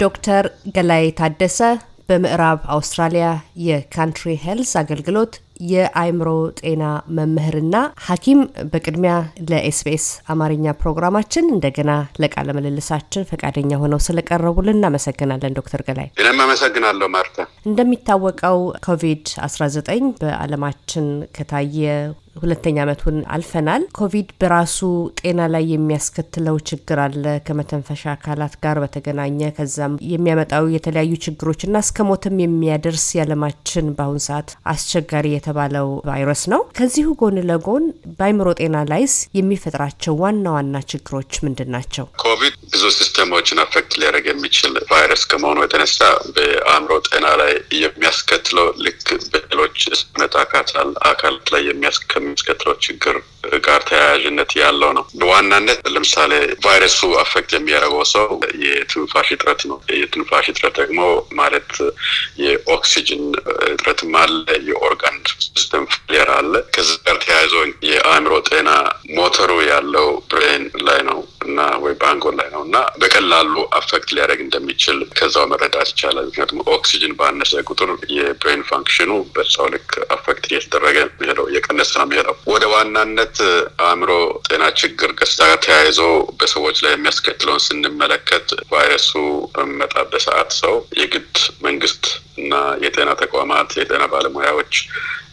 ዶክተር ገላይ ታደሰ በምዕራብ አውስትራሊያ የካንትሪ ሄልስ አገልግሎት የአእምሮ ጤና መምህርና ሐኪም፣ በቅድሚያ ለኤስቢኤስ አማርኛ ፕሮግራማችን እንደገና ለቃለ ምልልሳችን ፈቃደኛ ሆነው ስለቀረቡልን እናመሰግናለን ዶክተር ገላይ። እኔም አመሰግናለሁ ማርታ። እንደሚታወቀው ኮቪድ-19 በዓለማችን ከታየ ሁለተኛ ዓመቱን አልፈናል። ኮቪድ በራሱ ጤና ላይ የሚያስከትለው ችግር አለ ከመተንፈሻ አካላት ጋር በተገናኘ ከዛም የሚያመጣው የተለያዩ ችግሮች እና እስከ ሞትም የሚያደርስ ያለማችን በአሁን ሰዓት አስቸጋሪ የተባለው ቫይረስ ነው። ከዚሁ ጎን ለጎን በአይምሮ ጤና ላይስ የሚፈጥራቸው ዋና ዋና ችግሮች ምንድን ናቸው? ኮቪድ ብዙ ሲስተሞችን አፌክት ሊያደርግ የሚችል ቫይረስ ከመሆኑ የተነሳ በአእምሮ ጤና ላይ የሚያስከትለው ልክ በሌሎች ሰውነት አካላት ላይ የሚያስከ ከሚያስከትለው ችግር ጋር ተያያዥነት ያለው ነው። በዋናነት ለምሳሌ ቫይረሱ አፌክት የሚያደርገው ሰው የትንፋሽ እጥረት ነው። የትንፋሽ እጥረት ደግሞ ማለት የኦክሲጅን እጥረትም አለ፣ የኦርጋን ሲስተም ፌሊየር አለ። ከዚህ ጋር ተያይዞ የአእምሮ ጤና ሞተሩ ያለው ብሬን ላይ ነው እና ወይ በአንጎል ላይ ነው እና በቀላሉ አፌክት ሊያደርግ እንደሚችል ከዛው መረዳት ይቻላል። ምክንያቱም ኦክሲጅን ባነሰ ቁጥር የብሬን ፋንክሽኑ በዛው ልክ አፌክት እየተደረገ ሄደው እየቀነሰ ነው የሚሄደው። ወደ ዋናነት አእምሮ ጤና ችግር ከስታ ጋር ተያይዞ በሰዎች ላይ የሚያስከትለውን ስንመለከት ቫይረሱ በሚመጣበት ሰዓት ሰው የግድ መንግስት እና የጤና ተቋማት የጤና ባለሙያዎች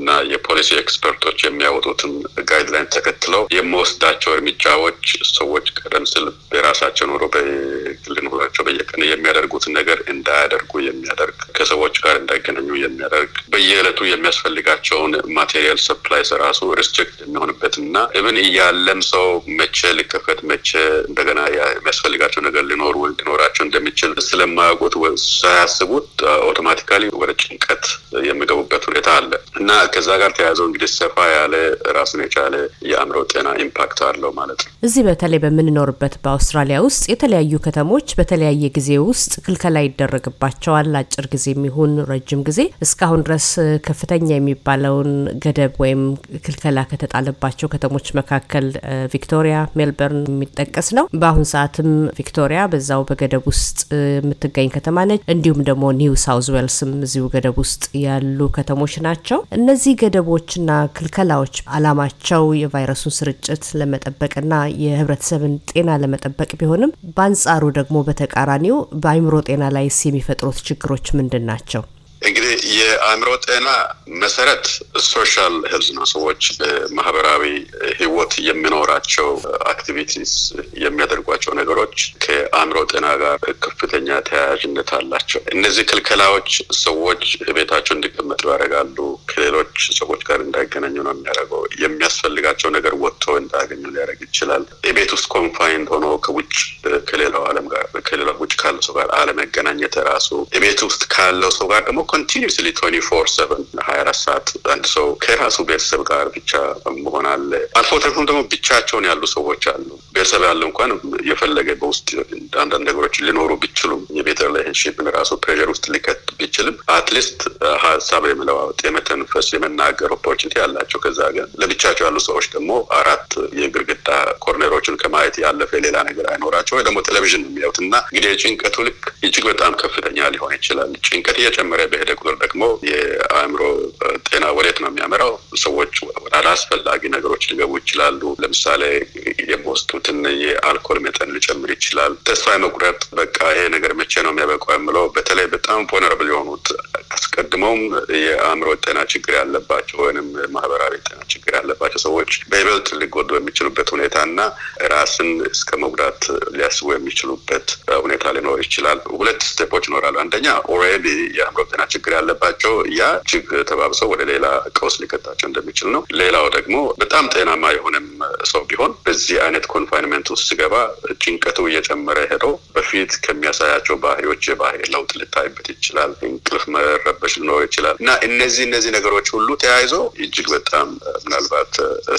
እና የፖሊሲ ኤክስፐርቶች የሚያወጡትን ጋይድላይን ተከትለው የመወስዳቸው እርምጃዎች ሰዎች ቀደም ሲል በራሳቸው ኑሮ በግል ኑሯቸው በየቀን የሚያደርጉትን ነገር እንዳያደርጉ የሚያደርግ ከሰዎች ጋር እንዳይገናኙ የሚያደርግ በየዕለቱ የሚያስፈልጋቸውን ማቴሪያል ሰፕላይስ ራሱ ሪስትሪክት የሚሆንበት እና ኢብን እያለም ሰው መቼ ሊከፈት መቼ እንደገና የሚያስፈልጋቸው ነገር ሊኖሩ ሊኖራቸው እንደሚችል ስለማያውቁት ሳያስቡት አውቶማቲካሊ ወደ ጭንቀት የሚገቡበት ሁኔታ አለ እና ከዛ ጋር ተያያዘው እንግዲህ ሰፋ ያለ ራስን የቻለ የአእምሮ ጤና ኢምፓክት አለው ማለት ነው። እዚህ በተለይ በምንኖርበት በአውስትራሊያ ውስጥ የተለያዩ ከተሞች በተለያየ ጊዜ ውስጥ ክልከላ ይደረግባቸዋል። አጭር ጊዜ የሚሆን ረጅም ጊዜ እስካሁን ድረስ ከፍተኛ የሚባለውን ገደብ ወይም ክልከላ ከተጣለባቸው ከተሞች መካከል ቪክቶሪያ፣ ሜልበርን የሚጠቀስ ነው። በአሁን ሰዓትም ቪክቶሪያ በዛው በገደብ ውስጥ የምትገኝ ከተማ ነች። እንዲሁም ደግሞ ኒው ሳውዝ ዌልስም እዚሁ ገደብ ውስጥ ያሉ ከተሞች ናቸው። እነዚህ ገደቦችና ክልከላዎች አላማቸው የቫይረሱን ስርጭት ለመጠበቅና የህብረተሰብን ጤና ለመጠበቅ ቢሆንም በአንጻሩ ደግሞ በተቃራኒው በአይምሮ ጤና ላይስ የሚፈጥሩት ችግሮች ምንድን ናቸው? እንግዲህ የአእምሮ ጤና መሰረት ሶሻል ህልዝ ነው። ሰዎች ማህበራዊ ህይወት የሚኖራቸው አክቲቪቲስ፣ የሚያደርጓቸው ነገሮች ከአእምሮ ጤና ጋር ከፍተኛ ተያያዥነት አላቸው። እነዚህ ክልከላዎች ሰዎች ቤታቸው እንዲቀመጡ ያደርጋሉ። ከሌሎች ሰዎች ጋር እንዳይገናኙ ነው የሚያደርገው። የሚያስፈልጋቸው ነገር ወጥቶ እንዳያገኙ ሊያደርግ ይችላል። የቤት ውስጥ ኮንፋይንድ ሆኖ ከውጭ ከሌላው አለም ጋር ከሌላው ውጭ ካለው ሰው ጋር አለመገናኘት ራሱ የቤት ውስጥ ካለው ሰው ጋር ደግሞ ኮንቲኒስሊ ትዌንቲ ፎር ሰቨን ሀያ አራት ሰዓት አንድ ሰው ከራሱ ቤተሰብ ጋር ብቻ መሆን አለ። አልፎ ተርፎም ደግሞ ብቻቸውን ያሉ ሰዎች አሉ። ቤተሰብ ያለ እንኳን የፈለገ በውስጥ አንዳንድ ነገሮች ሊኖሩ ቢችሉም የቤተ ሪሌሽንሽፕን ራሱ ፕሬር ውስጥ ሊከት ቢችልም አትሊስት uh, ሀሳብ የመለዋወጥ የመተንፈስ፣ የመናገር ኦፖርቹኒቲ ያላቸው ከዛ ጋር ለብቻቸው ያሉ ሰዎች ደግሞ አራት የግርግዳ ኮርኔሮችን ከማየት ያለፈ ሌላ ነገር አይኖራቸው ወይ ደግሞ ቴሌቪዥን የሚያዩት እና እንግዲህ የጭንቀቱ ልክ እጅግ በጣም ከፍተኛ ሊሆን ይችላል። ጭንቀት እየጨመረ በሄደ ቁጥር ደግሞ የአእምሮ ጤና ወዴት ነው የሚያመራው? ሰዎች ወደ አላስፈላጊ ነገሮች ሊገቡ ይችላሉ። ለምሳሌ የሚወስጡትን የአልኮል መጠን ሊጨምር ይችላል። ተስፋ የመቁረጥ በቃ ይሄ ነገር መቼ ነው የሚያበቃው የምለው በተለይ በጣም ቮነራብል የሆኑት አስቀድመውም የአእምሮ ጤና ችግር ያለባቸው ወይም ማህበራዊ ጤና ችግር ያለባቸው ሰዎች በይበልጥ ሊጎዱ የሚችሉበት ሁኔታ እና ራስን እስከ መጉዳት ሊያስቡ የሚችሉበት ሁኔታ ሊኖር ይችላል። ሁለት ስቴፖች ይኖራሉ። አንደኛ ኦልሬዲ የአእምሮ ጤና ችግር ያለባቸው ያ እጅግ ተባብሰው ወደ ሌላ ቀውስ ሊከታቸው እንደሚችል ነው። ሌላው ደግሞ በጣም ጤናማ የሆነም ሰው ቢሆን በዚህ አይነት ኮንፋይንመንት ውስጥ ሲገባ ጭንቀቱ እየጨመረ ሄደው በፊት ከሚያሳያቸው ባህሪዎች የባህሪ ለውጥ ሊታይበት ይችላል። እንቅልፍ መር መረበሽ ሊኖር ይችላል እና እነዚህ እነዚህ ነገሮች ሁሉ ተያይዞ እጅግ በጣም ምናልባት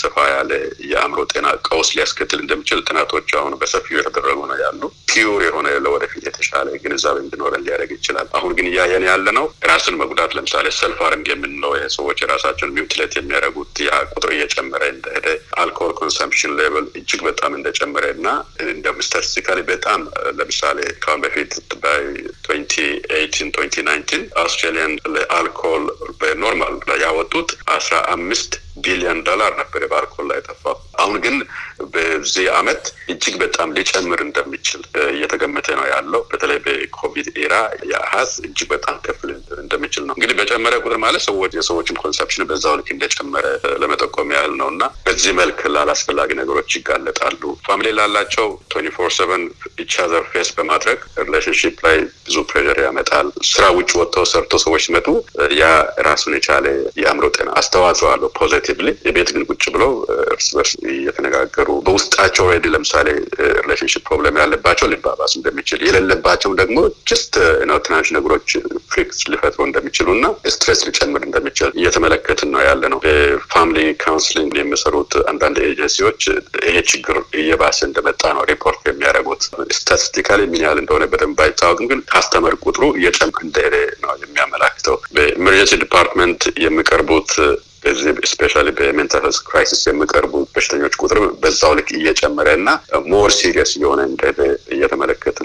ሰፋ ያለ የአእምሮ ጤና ቀውስ ሊያስከትል እንደሚችል ጥናቶች አሁን በሰፊው የተደረጉ ነው ያሉ ፒውር የሆነ ለወደፊት የተሻለ ግንዛቤ እንድኖረን ሊያደርግ ይችላል። አሁን ግን እያየን ያለ ነው ራስን መጉዳት ለምሳሌ ሰልፍ የምንለው ሰዎች የራሳቸውን ሚውትለት የሚያደረጉት ያ ቁጥር እየጨመረ እንደሄደ አልኮል ኮንሰምፕሽን ሌቨል እጅግ በጣም እንደጨመረ እና እንደውም ስታቲስቲካሊ በጣም ለምሳሌ ከአሁን በፊት ባይ ትዌንቲ ኤይቲን ትዌንቲ ናይንቲን ሴሊያን ለአልኮል በኖርማል ላይ ያወጡት አስራ አምስት ቢሊዮን ዶላር ነበር በአልኮል ላይ ጠፋ። አሁን ግን በዚህ አመት እጅግ በጣም ሊጨምር እንደሚችል እየተገመተ ነው ያለው። በተለይ በኮቪድ ኤራ የአሀዝ እጅግ በጣም ከፍ እንደሚችል ነው። እንግዲህ በጨመረ ቁጥር ማለት ሰዎች የሰዎችም ኮንሰፕሽን በዛው ልክ እንደጨመረ ለመጠቆም ያህል ነው እና በዚህ መልክ ላላስፈላጊ ነገሮች ይጋለጣሉ። ፋሚሊ ላላቸው ትዌንቲ ፎር ሰቨን ብቻ ዘርፌስ በማድረግ ሪሌሽንሽፕ ላይ ብዙ ፕሬር ያመጣል። ስራ ውጭ ወጥተው ሰርቶ ሰዎች ሲመጡ ያ ራሱን የቻለ የአእምሮ ጤና አስተዋጽኦ አለው ፖዘቲቭሊ። የቤት ግን ቁጭ ብለው እርስ በርስ እየተነጋገሩ በውስጣቸው ሬዲ ለምሳሌ ሪሌሽንሽፕ ፕሮብለም ያለባቸው ሊባባስ እንደሚችል የሌለባቸው ደግሞ ጅስት ነው ትናንሽ ነገሮች ፍሪክስ ሊፈጥሩ እንደሚችሉ እና ስትሬስ ሊጨምር እንደሚችል እየተመለከትን ነው ያለ ነው። በፋሚሊ ካውንስሊንግ የሚሰሩት አንዳንድ ኤጀንሲዎች ይሄ ችግር እየባሰ እንደመጣ ነው ሪፖርት የሚያደርጉት። ስታቲስቲካሊ ምን ያህል እንደሆነ በደንብ አይታወቅም፣ ግን ካስተመር ቁጥሩ እየጨምር እንደሄደ ነው የሚያመላክተው። በኢመርጀንሲ ዲፓርትመንት የሚቀርቡት በዚህ ስፔሻሊ በሜንታል ሄልዝ ክራይሲስ የሚቀርቡ በሽተኞች ቁጥር በዛው ልክ እየጨመረ እና ሞር ሲሪየስ የሆነ እንደሄደ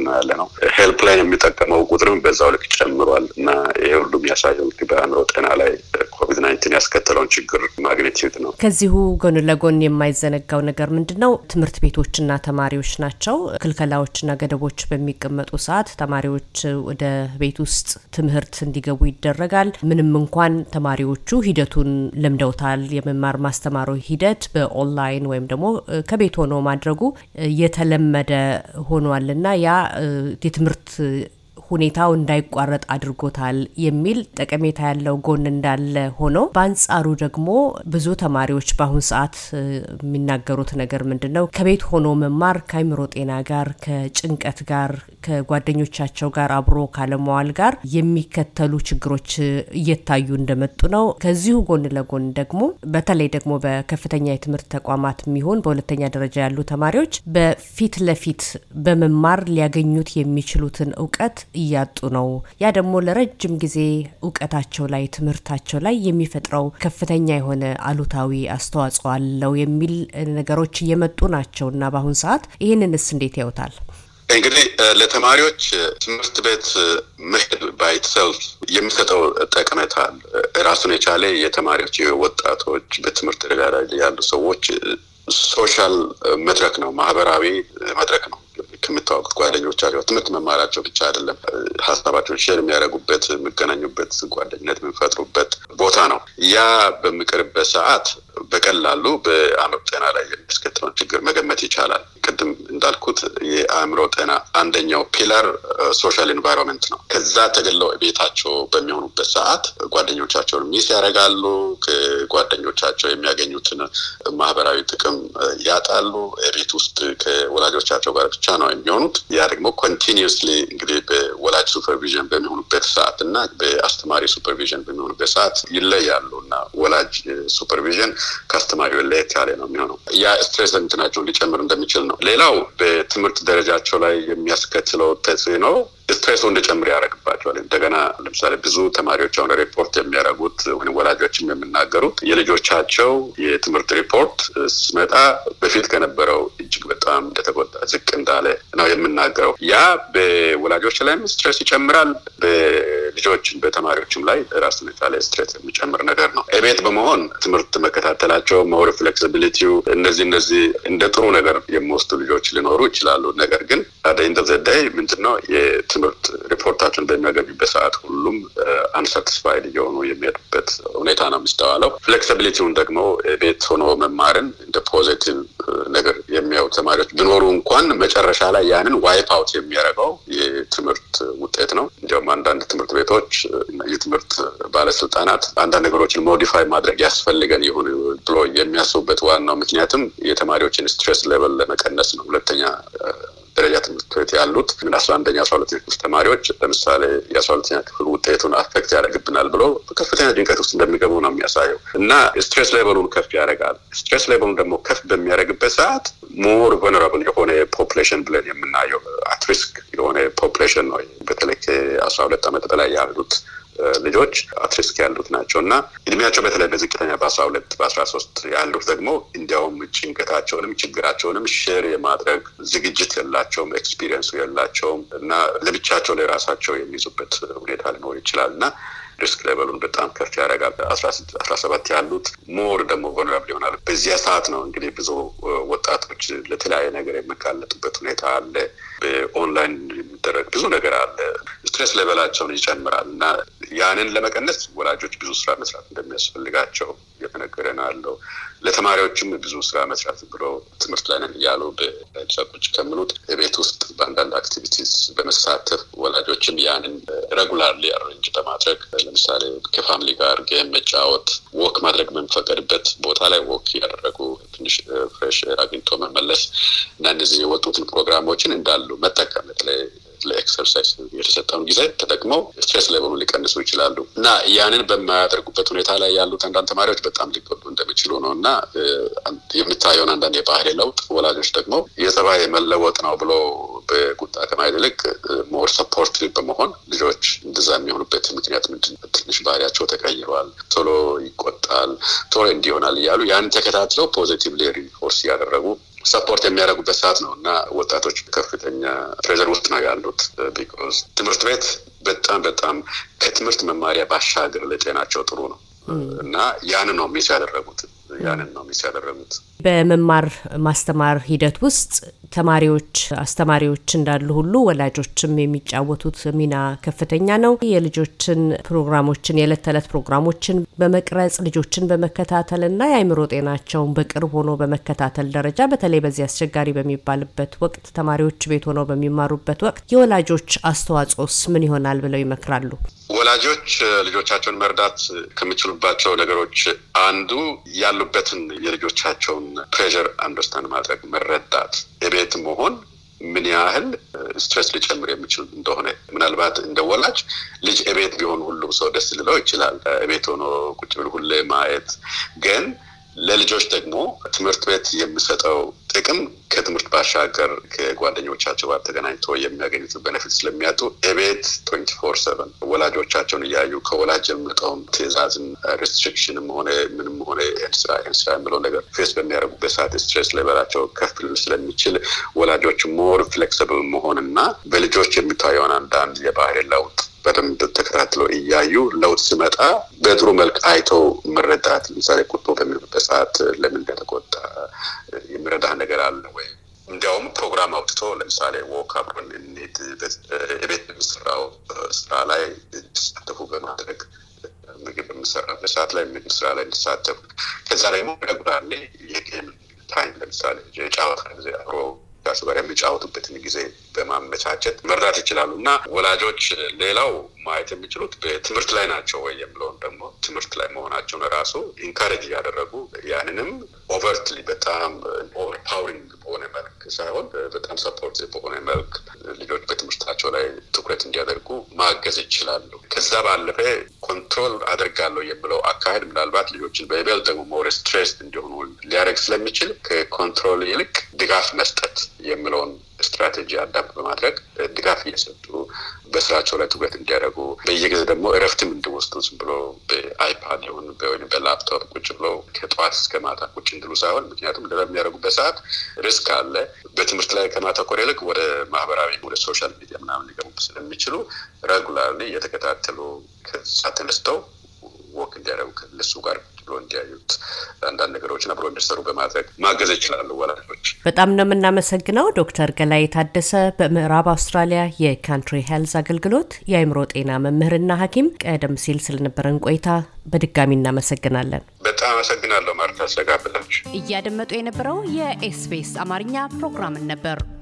ና ያለ ነው። ሄልፕ ላይን የሚጠቀመው ቁጥርም በዛው ልክ ጨምሯል እና ይሄ ሁሉ የሚያሳየው እንግዲህ በአእምሮ ጤና ላይ ኮቪድ ናይንቲን ያስከተለውን ችግር ማግኒቲዩድ ነው። ከዚሁ ጎን ለጎን የማይዘነጋው ነገር ምንድን ነው? ትምህርት ቤቶች ና ተማሪዎች ናቸው። ክልከላዎች ና ገደቦች በሚቀመጡ ሰዓት ተማሪዎች ወደ ቤት ውስጥ ትምህርት እንዲገቡ ይደረጋል። ምንም እንኳን ተማሪዎቹ ሂደቱን ለ ለምደውታል። የመማር ማስተማሩ ሂደት በኦንላይን ወይም ደግሞ ከቤት ሆኖ ማድረጉ የተለመደ እና ያ የትምህርት ሁኔታው እንዳይቋረጥ አድርጎታል የሚል ጠቀሜታ ያለው ጎን እንዳለ ሆኖ በአንጻሩ ደግሞ ብዙ ተማሪዎች በአሁን ሰዓት የሚናገሩት ነገር ምንድን ነው? ከቤት ሆኖ መማር ከአይምሮ ጤና ጋር፣ ከጭንቀት ጋር፣ ከጓደኞቻቸው ጋር አብሮ ካለመዋል ጋር የሚከተሉ ችግሮች እየታዩ እንደመጡ ነው። ከዚሁ ጎን ለጎን ደግሞ በተለይ ደግሞ በከፍተኛ የትምህርት ተቋማት የሚሆን በሁለተኛ ደረጃ ያሉ ተማሪዎች በፊት ለፊት በመማር ሊያገኙት የሚችሉትን እውቀት እያጡ ነው። ያ ደግሞ ለረጅም ጊዜ እውቀታቸው ላይ ትምህርታቸው ላይ የሚፈጥረው ከፍተኛ የሆነ አሉታዊ አስተዋጽኦ አለው የሚል ነገሮች እየመጡ ናቸው እና በአሁን ሰዓት ይህንንስ እንዴት ያውታል? እንግዲህ ለተማሪዎች ትምህርት ቤት መሄድ ባይትሰልፍ የሚሰጠው ጠቀሜታ ራሱን የቻለ የተማሪዎች ወጣቶች፣ በትምህርት ደረጃ ላይ ያሉ ሰዎች ሶሻል መድረክ ነው፣ ማህበራዊ መድረክ ነው። ከምታወቁት ጓደኞቻቸው ትምህርት መማራቸው ብቻ አይደለም፣ ሀሳባቸውን ሼር የሚያደርጉበት የሚገናኙበት፣ ጓደኝነት የምንፈጥሩበት ቦታ ነው። ያ በሚቀርበት ሰዓት በቀላሉ በአመብ ጤና ላይ የሚያስከትለውን ችግር መገመት ይቻላል። ቅድም እንዳልኩት የአእምሮ ጤና አንደኛው ፒላር ሶሻል ኢንቫይሮንመንት ነው። ከዛ ተገለው ቤታቸው በሚሆኑበት ሰዓት ጓደኞቻቸውን ሚስ ያደርጋሉ። ከጓደኞቻቸው የሚያገኙትን ማህበራዊ ጥቅም ያጣሉ። ቤት ውስጥ ከወላጆቻቸው ጋር ብቻ ነው የሚሆኑት። ያ ደግሞ ኮንቲኒየስሊ እንግዲህ በወላጅ ሱፐርቪዥን በሚሆኑበት ሰዓት እና በአስተማሪ ሱፐርቪዥን በሚሆኑበት ሰዓት ይለያሉ እና ወላጅ ሱፐርቪዥን ከአስተማሪ ለየት ያለ ነው የሚሆነው ያ ስትሬስ እንትናቸውን ሊጨምር እንደሚችል ነው። ሌላው በትምህርት ደረጃቸው ላይ የሚያስከትለው ተጽዕኖ ስትሬሱ እንዲጨምር ያደርግባቸዋል። እንደገና ለምሳሌ ብዙ ተማሪዎች አሁን ሪፖርት የሚያደርጉት ወይም ወላጆችም የሚናገሩት የልጆቻቸው የትምህርት ሪፖርት ስመጣ በፊት ከነበረው እጅግ በጣም እንደተጎዳ ዝቅ እንዳለ ነው የምናገረው። ያ በወላጆች ላይም ስትሬስ ይጨምራል። ልጆችን በተማሪዎችም ላይ ራሱን የቻለ ስትሬት የሚጨምር ነገር ነው። ቤት በመሆን ትምህርት መከታተላቸው መወር ፍሌክሲቢሊቲው እነዚህ እነዚህ እንደ ጥሩ ነገር የሚወስዱ ልጆች ሊኖሩ ይችላሉ። ነገር ግን ኢንተርዘዳይ ምንድነው የትምህርት ሪፖርታቸውን በሚያገቢበት ሰዓት ሁሉም አንሳቲስፋይድ እየሆኑ የሚሄዱበት ሁኔታ ነው የሚስተዋለው። ፍሌክሲቢሊቲውን ደግሞ ቤት ሆኖ መማርን እንደ ፖዘቲቭ ነገር የሚያዩ ተማሪዎች ቢኖሩ እንኳን መጨረሻ ላይ ያንን ዋይፕ አውት የሚያደርገው የትምህርት ውጤት ነው። እንዲሁም አንዳንድ ትምህርት ቤቶች፣ የትምህርት ባለስልጣናት አንዳንድ ነገሮችን ሞዲፋይ ማድረግ ያስፈልገን ይሁን ብሎ የሚያስቡበት ዋናው ምክንያትም የተማሪዎችን ስትሬስ ሌቨል ለመቀነስ ነው። ሁለተኛ ደረጃ ትምህርት ቤት ያሉት ምን አስራ አንደኛ አስራ ሁለተኛ ክፍል ተማሪዎች ለምሳሌ የአስራ ሁለተኛ ክፍል ውጤቱን አፌክት ያደርግብናል ብሎ ከፍተኛ ጭንቀት ውስጥ እንደሚገቡ ነው የሚያሳየው እና ስትሬስ ሌቨሉን ከፍ ያደርጋል። ስትሬስ ሌቨሉን ደግሞ ከፍ በሚያደርግበት ሰዓት ሞር ቨነራብል የሆነ ፖፕሌሽን ብለን የምናየው አትሪስክ የሆነ ፖፕሌሽን ነው። በተለይ ከአስራ ሁለት ዓመት በላይ ያሉት ልጆች አትሪስክ ያሉት ናቸው እና እድሜያቸው በተለይ በዝቅተኛ በአስራ ሁለት በአስራ ሶስት ያሉት ደግሞ እንዲያውም ጭንቀታቸውንም ችግራቸውንም ሼር የማድረግ ዝግጅት የላቸውም፣ ኤክስፒሪየንሱ የላቸውም እና ለብቻቸው ለራሳቸው የሚይዙበት ሁኔታ ሊኖር ይችላል እና ሪስክ ሌቨሉን በጣም ከፍ ያደርጋል። አስራ ሰባት ያሉት ሞር ደግሞ ቮልነራብል ይሆናል። በዚያ ሰዓት ነው እንግዲህ ብዙ ወጣቶች ለተለያየ ነገር የሚጋለጡበት ሁኔታ አለ። በኦንላይን የሚደረግ ብዙ ነገር አለ። ስትሬስ ሌቨላቸውን ይጨምራል እና ያንን ለመቀነስ ወላጆች ብዙ ስራ መስራት እንደሚያስፈልጋቸው እየተነገረን አለው። ለተማሪዎችም ብዙ ስራ መስራት ብሎ ትምህርት ላይ ነን እያሉ በሰቦች ከምሉት ቤት ውስጥ በአንዳንድ አክቲቪቲስ በመሳተፍ ወላጆችም ያንን ረጉላርሊ አሬንጅ በማድረግ ለምሳሌ ከፋሚሊ ጋር ጌም መጫወት፣ ወክ ማድረግ በሚፈቀድበት ቦታ ላይ ወክ እያደረጉ ትንሽ ፍሬሽ አግኝቶ መመለስ እና እነዚህ የወጡትን ፕሮግራሞችን እንዳሉ መጠቀም በተለይ ለኤክሰርሳይዝ የተሰጠውን ጊዜ ተጠቅመው ስትሬስ ሌቨሉ ሊቀንሱ ይችላሉ እና ያንን በማያደርጉበት ሁኔታ ላይ ያሉት አንዳንድ ተማሪዎች በጣም ሊጎዱ እንደሚችሉ ነው እና የምታየውን አንዳንድ የባህሪ ለውጥ ወላጆች ደግሞ የጸባይ መለወጥ ነው ብሎ በቁጣ ከማሄድ ይልቅ ሞር ሰፖርት በመሆን ልጆች እንደዛ የሚሆኑበት ምክንያት ምንድን ትንሽ ባህሪያቸው ተቀይሯል፣ ቶሎ ይቆጣል፣ ቶሎ እንዲሆናል እያሉ ያን ተከታትለው ፖዚቲቭሊ ሪንፎርስ እያደረጉ ሰፖርት የሚያደርጉበት ሰዓት ነው እና ወጣቶች ከፍተኛ ፕሬዘር ውስጥ ነው ያሉት። ቢኮዝ ትምህርት ቤት በጣም በጣም ከትምህርት መማሪያ ባሻገር ለጤናቸው ጥሩ ነው እና ያንን ነው ሚስ ያደረጉት ያንን ነው ሚስ ያደረጉት በመማር ማስተማር ሂደት ውስጥ ተማሪዎች፣ አስተማሪዎች እንዳሉ ሁሉ ወላጆችም የሚጫወቱት ሚና ከፍተኛ ነው። የልጆችን ፕሮግራሞችን የዕለት ተዕለት ፕሮግራሞችን በመቅረጽ ልጆችን በመከታተልና የአእምሮ ጤናቸውን በቅርብ ሆኖ በመከታተል ደረጃ በተለይ በዚህ አስቸጋሪ በሚባልበት ወቅት ተማሪዎች ቤት ሆነው በሚማሩበት ወቅት የወላጆች አስተዋጽኦስ ምን ይሆናል ብለው ይመክራሉ? ወላጆች ልጆቻቸውን መርዳት ከሚችሉባቸው ነገሮች አንዱ ያሉበትን የልጆቻቸውን ፕሬዠር አንደርስታንድ ማድረግ መረዳት ቤት መሆን ምን ያህል ስትረስ uh, ሊጨምር የሚችል እንደሆነ ምናልባት እንደ ወላጅ ልጅ እቤት ቢሆን ሁሉም ሰው ደስ ሊለው ይችላል። uh, እቤት ሆኖ ቁጭ ብል ሁሌ ማየት ግን ለልጆች ደግሞ ትምህርት ቤት የምሰጠው ጥቅም ከትምህርት ባሻገር ከጓደኞቻቸው ጋር ተገናኝቶ የሚያገኙት በነፊት ስለሚያጡ እቤት ትንቲ ፎር ሰቨን ወላጆቻቸውን እያዩ ከወላጅ የምጠውም ትእዛዝን ሬስትሪክሽንም ሆነ ምንም ሆነ ስራ ስራ የምለው ነገር ፌስ በሚያደርጉበት ሰዓት ስትሬስ ሌበላቸው ከፍ ሊል ስለሚችል ወላጆች ሞር ፍሌክስብል መሆንና በልጆች የሚታየውን አንዳንድ የባህሪ ለውጥ በደንብ ተከታትለው እያዩ ለውጥ ሲመጣ በድሮ መልክ አይተው መረዳት። ለምሳሌ ቁጦ በሚልበት ሰዓት ለምን እንደተቆጣ የሚረዳ ነገር አለ ወይ? እንዲያውም ፕሮግራም አውጥቶ ለምሳሌ ወክ አብሮን እንሂድ፣ የቤት የሚሰራው ስራ ላይ እንዲሳተፉ በማድረግ ምግብ በሚሰራበት ሰዓት ላይ ምግብ ስራ ላይ እንዲሳተፉ፣ ከዛ ደግሞ ረጉራሌ የጌም ታይም ለምሳሌ የጨዋታ ጊዜ አብሮ ጋሱ ጋር የሚጫወቱበትን ጊዜ በማመቻቸት መርዳት ይችላሉ እና ወላጆች ሌላው ማየት የሚችሉት በትምህርት ላይ ናቸው ወይ የምለውን ደግሞ ትምህርት ላይ መሆናቸውን ራሱ ኢንካሬጅ እያደረጉ ያንንም ኦቨርትሊ በጣም ኦቨር በሆነ መልክ ሳይሆን በጣም ሰፖርት በሆነ መልክ ልጆች በትምህርታቸው ላይ ትኩረት እንዲያደርጉ ማገዝ ይችላሉ። ከዛ ባለፈ ኮንትሮል አደርጋለሁ የምለው አካሄድ ምናልባት ልጆችን በይበልጥ ደግሞ ሞር ስትሬስ እንዲሆኑ ሊያደርግ ስለሚችል ከኮንትሮል ይልቅ ድጋፍ መስጠት የምለውን ስትራቴጂ አዳፕ በማድረግ ድጋፍ እየሰጡ በስራቸው ላይ ትኩረት እንዲያደርጉ በየጊዜ ደግሞ እረፍትም እንዲወስዱ ዝም ብሎ በአይፓድ ይሁን ወይም በላፕቶፕ ቁጭ ብሎ ከጠዋት እስከ ማታ ቁጭ እንድሉ ሳይሆን ምክንያቱም ደ ለሚያደርጉበት ሰዓት ሪስክ አለ። በትምህርት ላይ ከማተኮር ይልቅ ወደ ማህበራዊ ወደ ሶሻል ሚዲያ ምናምን ሊገቡ ስለሚችሉ ረጉላርሊ እየተከታተሉ ከዛ ተነስተው ወክ እንዲያደርጉ ከነሱ ጋር ብሎ እንዲያዩት አንዳንድ ነገሮችን አብሮ እንዲሰሩ በማድረግ ማገዝ ይችላሉ ወላጆች። በጣም ነው የምናመሰግነው ዶክተር ገላይ ታደሰ በምዕራብ አውስትራሊያ የካንትሪ ሄልዝ አገልግሎት የአእምሮ ጤና መምህርና ሐኪም ቀደም ሲል ስለነበረን ቆይታ በድጋሚ እናመሰግናለን። በጣም አመሰግናለሁ ማርታ ስለጋበዛችሁ። እያደመጡ የነበረው የኤስቢኤስ አማርኛ ፕሮግራምን ነበር።